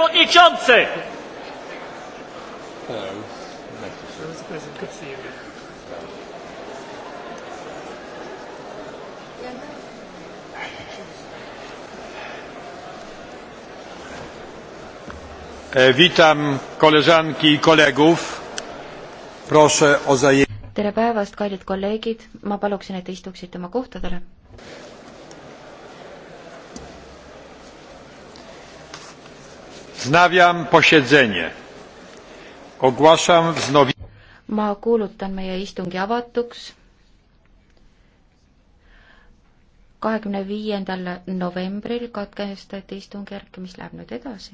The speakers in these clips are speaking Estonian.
przewodniczący! E, witam koleżanki i kolegów. Proszę o zajęcie. tere päevast, kallid kolleegid, ma paluksin, et istuksite oma kohtadele. Wznawiam posiedzenie. Ogłaszam wznowi- ma kuulutan meie istungi avatuks kahekümne viiendal novembril katkestati istungjärk, mis läheb nüüd edasi.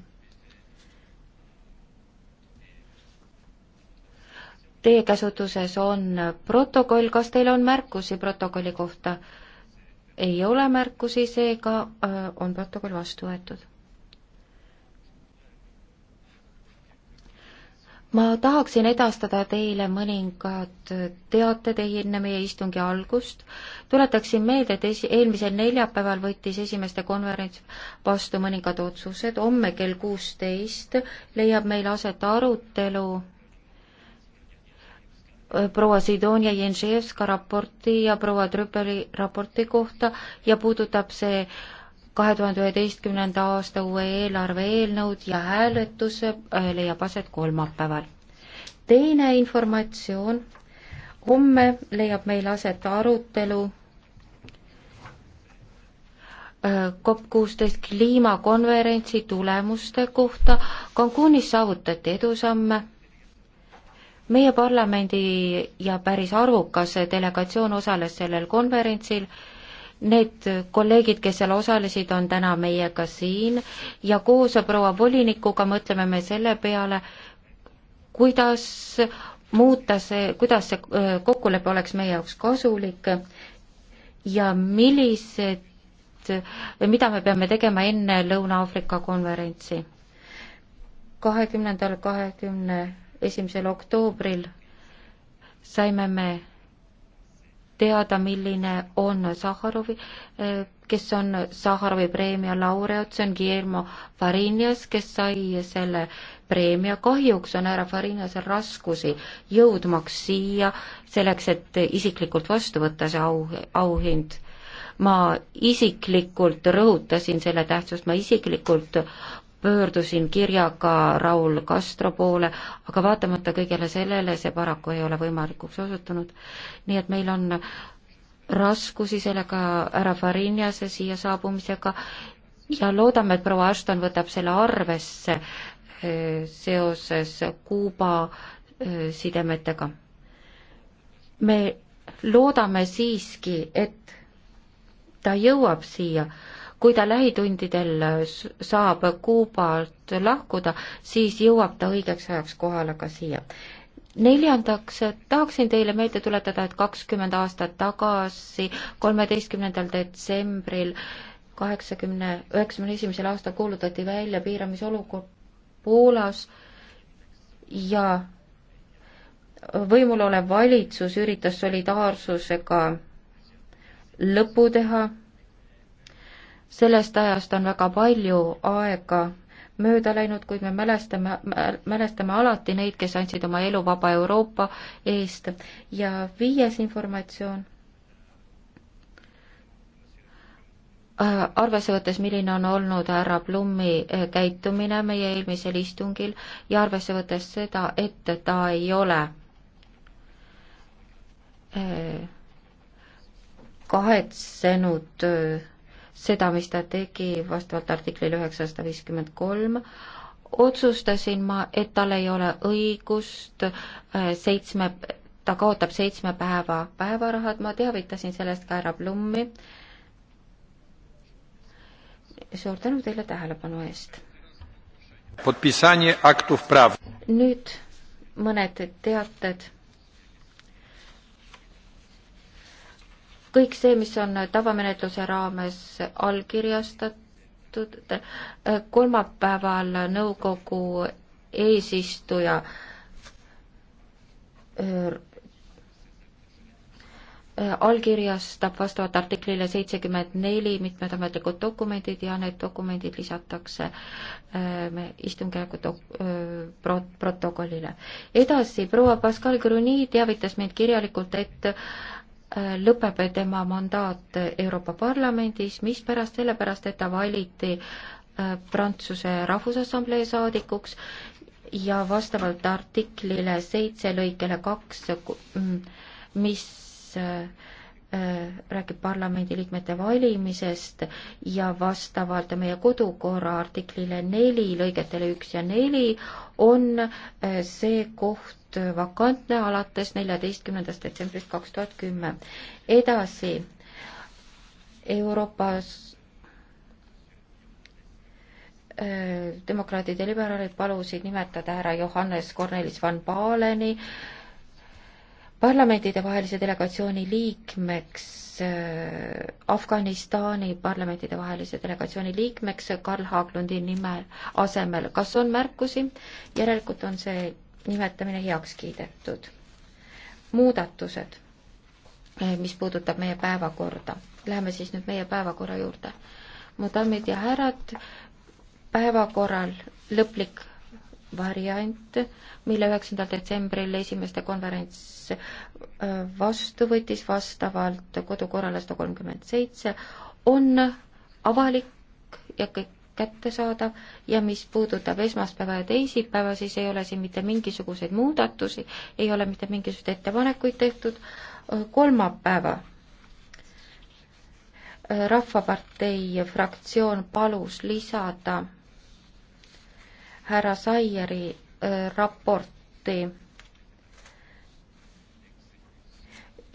Teie käsutuses on protokoll, kas teil on märkusi protokolli kohta? ei ole märkusi, seega äh, on protokoll vastu võetud ma tahaksin edastada teile mõningad teated enne meie istungi algust. tuletaksin meelde, et esi-, eelmisel neljapäeval võttis esimeste konverents vastu mõningad otsused, homme kell kuusteist leiab meil aset arutelu äh, proua Sidonia Jenševska raporti ja proua Trüppeli raporti kohta ja puudutab see äh, kahe tuhande üheteistkümnenda aasta uue eelarve eelnõud ja hääletus äh, leiab aset kolmapäeval. teine informatsioon, homme leiab meil aset arutelu äh, COP kuusteist kliimakonverentsi tulemuste kohta. Cancunis saavutati edusamme. meie parlamendi ja päris arvukas delegatsioon osales sellel konverentsil Need kolleegid, kes seal osalesid, on täna meiega siin ja koos proua volinikuga mõtleme me selle peale, kuidas muuta see, kuidas see kokkulepe oleks meie jaoks kasulik ja millised, mida me peame tegema enne Lõuna-Aafrika konverentsi. kahekümnendal, kahekümne esimesel oktoobril saime me teada, milline on Sahharovi, kes on Sahharovi preemia laureaat, see on Guillermo Farinas, kes sai selle preemia. kahjuks on härra Farinasel raskusi jõudmaks siia selleks, et isiklikult vastu võtta see au, auhind ma isiklikult rõhutasin selle tähtsust, ma isiklikult pöördusin kirjaga Raul Castro poole, aga vaatamata kõigele sellele see paraku ei ole võimalikuks osutunud. nii et meil on raskusi sellega härra Farinjase siia saabumisega ja loodame, et proua Ashton võtab selle arvesse äh, seoses Kuuba äh, sidemetega. me loodame siiski, et ta jõuab siia kui ta lähitundidel äh, saab Kuubalt lahkuda, siis jõuab ta õigeks ajaks kohale ka siia. neljandaks äh, tahaksin teile meelde tuletada, et kakskümmend aastat tagasi, kolmeteistkümnendal detsembril kaheksakümne, üheksakümne esimesel aastal kuulutati välja piiramisolukord Poolas ja võimul olev valitsus üritas solidaarsusega lõpu teha sellest ajast on väga palju aega mööda läinud, kuid me mälestame, mälestame alati neid, kes andsid oma elu Vaba Euroopa eest ja viies informatsioon äh, arvesse võttes, milline on olnud härra Blumi äh, käitumine meie eelmisel istungil ja arvesse võttes seda, et ta ei ole äh, kahetsenud seda, mis ta tegi vastavalt artiklile üheksasada viiskümmend kolm, otsustasin ma, et tal ei ole õigust äh, seitsme, ta kaotab seitsme päeva päevarahad, ma teavitasin sellest ka härra Blummi. suur tänu teile tähelepanu eest. nüüd mõned teated kõik see, mis on tavamenetluse raames allkirjastatud, äh, kolmapäeval nõukogu eesistuja äh, allkirjastab vastavalt artiklile seitsekümmend neli mitmed ametlikud dokumendid ja need dokumendid lisatakse äh, istungjärgu dok- äh,, prot-, protokollile. edasi, proua Pascal Gruni teavitas meid kirjalikult, et lõpeb tema mandaat Euroopa Parlamendis, mispärast, sellepärast et ta valiti äh, Prantsuse Rahvusassamblee saadikuks ja vastavalt artiklile seitse lõikele kaks, mm, mis äh, äh, räägib parlamendiliikmete valimisest ja vastavalt meie kodukorra artiklile neli, lõigetele üks ja neli, on see koht, olnud vakantne alates neljateistkümnendast detsembrist kaks tuhat kümme. edasi, Euroopas äh, demokraadid ja liberaalid palusid nimetada ära Johannes Cornelis van Baleni parlamentidevahelise delegatsiooni liikmeks äh, Afganistani parlamentidevahelise delegatsiooni liikmeks Karl Haaglundi nimel asemel. kas on märkusi? järelikult on see nimetamine heaks kiidetud. muudatused, eh, mis puudutab meie päevakorda. Läheme siis nüüd meie päevakorra juurde. mu daamid ja härrad, päevakorral lõplik variant, mille üheksandal detsembril esimeste konverents eh, vastu võttis vastavalt kodukorrale sada kolmkümmend seitse, on avalik ja kõik kättesaadav ja mis puudutab esmaspäeva ja teisipäeva, siis ei ole siin mitte mingisuguseid muudatusi, ei ole mitte mingisuguseid ettepanekuid tehtud, kolmapäeva Rahvapartei fraktsioon palus lisada härra Saieri äh, raporti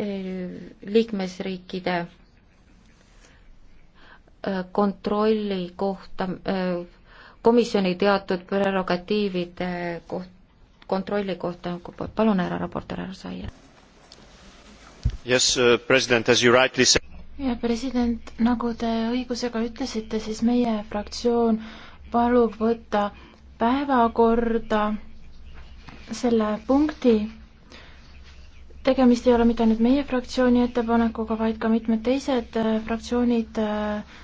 äh, liikmesriikide Äh, kontrolli kohta, äh, komisjoni teatud prerogatiivide koht-, kontrolli kohta, palun härra raportöör, härra Saia. Yes uh,, president, as you rightly said. ja president, nagu te õigusega ütlesite, siis meie fraktsioon palub võtta päevakorda selle punkti tegemist ei ole mitte ainult meie fraktsiooni ettepanekuga, vaid ka mitmed teised äh, fraktsioonid äh,